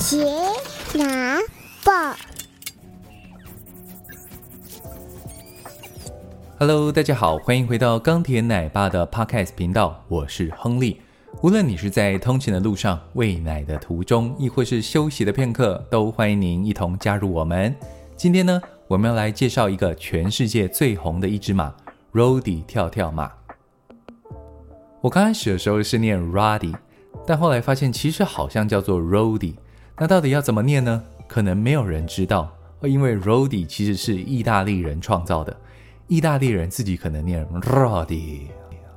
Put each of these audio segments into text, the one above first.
傑拿報，Hello，大家好，歡迎回到鋼鐵奶爸的 Podcast 頻道，我是亨利。無論你是在通勤的路上、餵奶的途中，亦或是休息的片刻，都歡迎您一同加入我們。今天呢，我們要來介紹一個全世界最紅的一隻馬，Rody 跳跳馬。我剛開始的時候是念 Roddy，但後來發現其實好像叫做 Rody。那到底要怎麼念呢？可能沒有人知道，哦、因為 Rody 其實是意大利人創造的，意大利人自己可能念 Rody。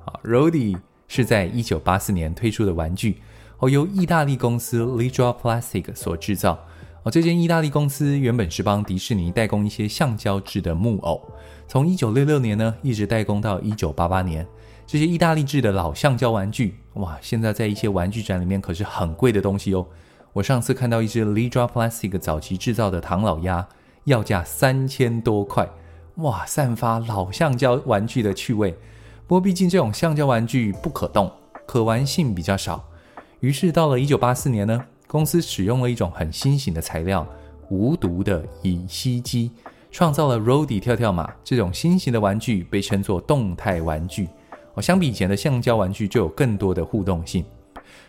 啊，Rody 是在一九八四年推出的玩具，哦、由意大利公司 Ledraplastic 所制造。哦，這間意大利公司原本是幫迪士尼代工一些橡膠制的木偶，從一九六六年呢一直代工到一九八八年。這些意大利制的老橡膠玩具，哇，現在在一些玩具展裡面可是很貴的東西哦。我上次看到一隻 Ledraplastic 早期製造的唐老鴨，要價三千多塊，哇，散發老橡膠玩具的趣味。不過畢竟這種橡膠玩具不可動，可玩性比較少。於是到了1984年呢，公司使用了一種很新型的材料——無毒的乙烯基，創造了 RODY 跳跳馬這種新型的玩具，被稱作動態玩具。哦，相比以前的橡膠玩具，就有更多的互動性。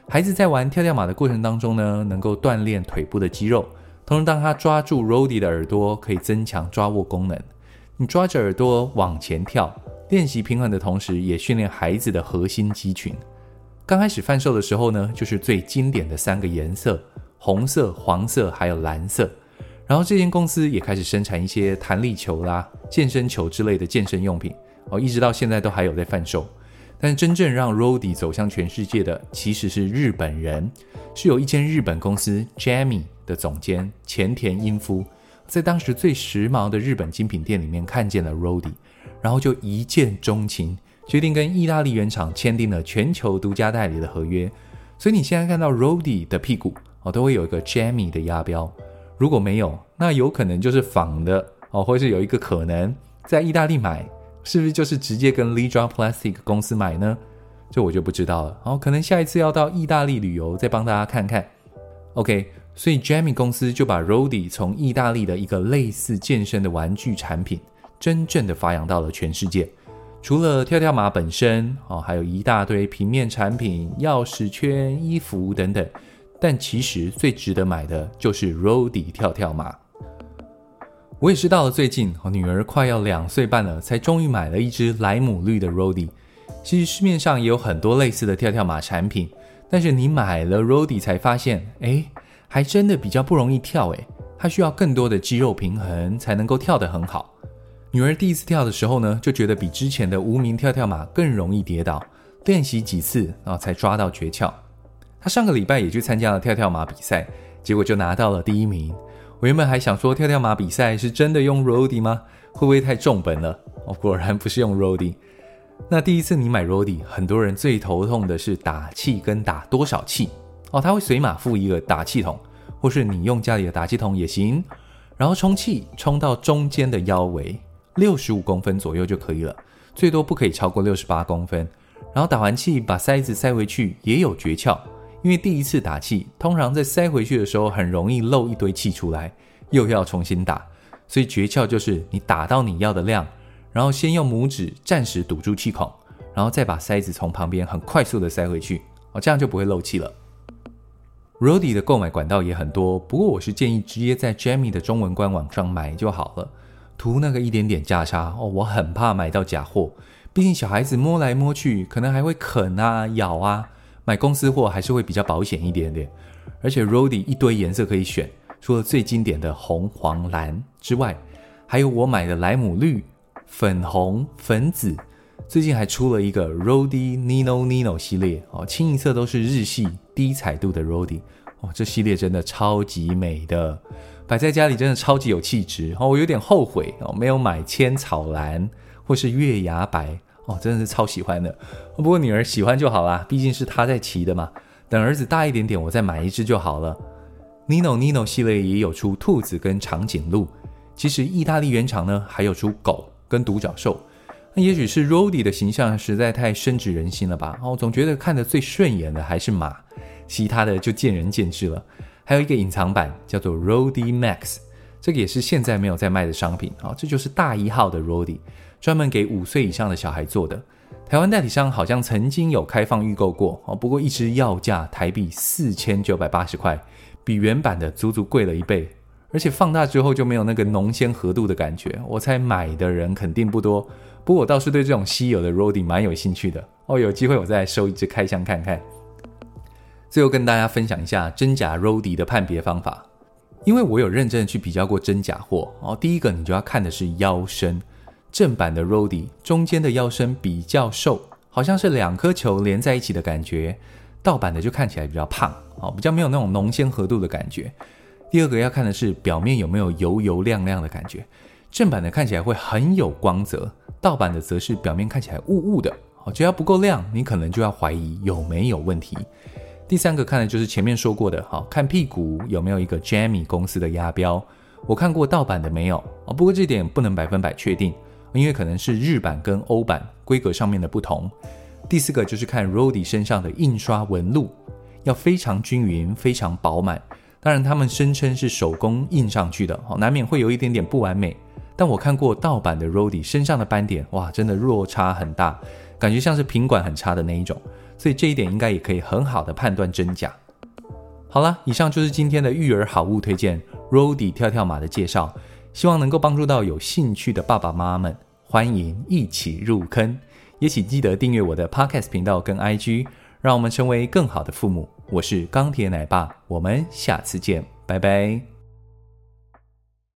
孩子在玩跳跳馬的過程當中呢，能夠鍛鍊腿部的肌肉，同時當他抓住 Rody 的耳朵，可以增強抓握功能。你抓着耳朵往前跳，練習平衡的同時，也訓練孩子的核心肌群。剛開始販售的時候呢，就是最經典的三個顏色：紅色、黃色，還有藍色。然後這間公司也開始生產一些彈力球啦、健身球之類的健身用品，哦，一直到現在都還有在販售。但真正讓 RODY 走向全世界的，其實是日本人，是有一間日本公司 JAMMY 的總監前田英夫，在當時最時髦的日本精品店裡面看見了 RODY，然後就一見鍾情，決定跟意大利原廠簽訂了全球獨家代理的合約。所以你現在看到 RODY 的屁股哦，都會有一個 JAMMY 的壓標，如果沒有，那有可能就是仿的哦，或是有一個可能在意大利買。是不是就是直接跟 Lidra Plastic 公司買呢？這我就不知道了。哦，可能下一次要到意大利旅遊，再幫大家看看。OK，所以 Jamie 公司就把 RODY 從意大利的一個類似健身的玩具產品，真正的發揚到了全世界。除了跳跳馬本身，哦，還有一大堆平面產品、鑰匙圈、衣服等等。但其實最值得買的就是 RODY 跳跳馬。我也是到了最近，女兒快要兩歲半了，才終於買了一隻萊姆綠的 Rody。其實市面上也有很多類似的跳跳馬產品，但是你買了 Rody 才發現，哎，還真的比較不容易跳，哎，它需要更多的肌肉平衡才能夠跳得很好。女兒第一次跳的時候呢，就覺得比之前的無名跳跳馬更容易跌倒，練習幾次啊才抓到訣竅。她上個禮拜也去參加了跳跳馬比賽，結果就拿到了第一名。我原本還想說，跳跳馬比賽是真的用 Rody 嗎？會不會太重本了？哦，果然不是用 Rody。那第一次你買 Rody，很多人最頭痛的是打氣跟打多少氣哦，他會隨馬附一個打氣筒，或是你用家裡的打氣筒也行。然後充氣充到中間的腰圍六十五公分左右就可以了，最多不可以超過六十八公分。然後打完氣，把塞子塞回去也有訣竅。因為第一次打氣，通常在塞回去的時候很容易漏一堆氣出來，又要重新打，所以訣竅就是你打到你要的量，然後先用拇指暫時堵住氣孔，然後再把塞子從旁邊很快速的塞回去，哦，這樣就不會漏氣了。Rody 的購買管道，也很多，不過我是建議直接在 Jammy 的中文官網上買就好了，圖那個一點點價差哦，我很怕買到假貨，畢竟小孩子摸來摸去，可能還會啃啊咬啊。買公司貨還是會比較保險一點點，而且 Rody 一堆顏色可以選，除了最經典的紅、黃、藍之外，還有我買的萊姆綠、粉紅、粉紫，最近還出了一個 Rody Nino Nino 系列哦，清一色都是日系低彩度的 Rody，哦，這系列真的超級美的，擺在家裡真的超級有氣質哦，我有點後悔哦，沒有買千草藍或是月牙白。哦，真的是超喜歡的、哦。不過女兒喜歡就好啦，畢竟是她在騎的嘛。等兒子大一點點，我再買一只就好了。Nino Nino 系列也有出兔子跟長頸鹿，其實意大利原廠呢，還有出狗跟獨角獸。那也許是 Rody 的形象實在太深植人心了吧。我、哦、總覺得看得最順眼的還是馬，其他的就見仁見智了。還有一個隱藏版叫做 Rody Max，這個也是現在沒有在賣的商品。哦，這就是大一號的 Rody。專門給五歲以上的小孩做的，台灣代理商好像曾經有開放預購過哦，不過一支要價台幣四千九百八十塊，比原版的足足貴了一倍，而且放大之後就沒有那個濃鮮合度的感覺，我猜買的人肯定不多。不過我倒是對這種稀有的 Rody 蠻有興趣的哦，有機會我再來收一支開箱看看。最後跟大家分享一下真假 Rody 的判別方法，因為我有認真的去比較過真假貨哦，第一個你就要看的是腰身。正版的 Rody 中間的腰身比較瘦，好像是兩顆球連在一起的感覺。盜版的就看起來比較胖，哦，比較沒有那種穠纖合度的感覺。第二個要看的是表面有沒有油油亮亮的感覺，正版的看起來會很有光澤，盜版的則是表面看起來霧霧的。哦，只要不夠亮，你可能就要懷疑有沒有問題。第三個看的就是前面說過的，哦，看屁股有沒有一個 Jammy 公司的壓標。我看過盜版的沒有，哦，不過這點不能百分百確定。因為可能是日版跟歐版規格上面的不同。第四個就是看 Rody 身上的印刷紋路，要非常均勻、非常飽滿。當然，他們聲稱是手工印上去的，難免會有一點點不完美。但我看過盜版的 Rody 身上的斑點，哇，真的落差很大，感覺像是品管很差的那一種。所以這一點應該也可以很好的判斷真假。好啦，以上就是今天的育兒好物推薦 Rody 跳跳馬的介紹，希望能夠幫助到有興趣的爸爸媽媽們。歡迎一起入坑，也請記得訂閱我的 Podcast 頻道跟 IG，讓我們成為更好的父母。我是鋼鐵奶爸，我們下次見，拜拜。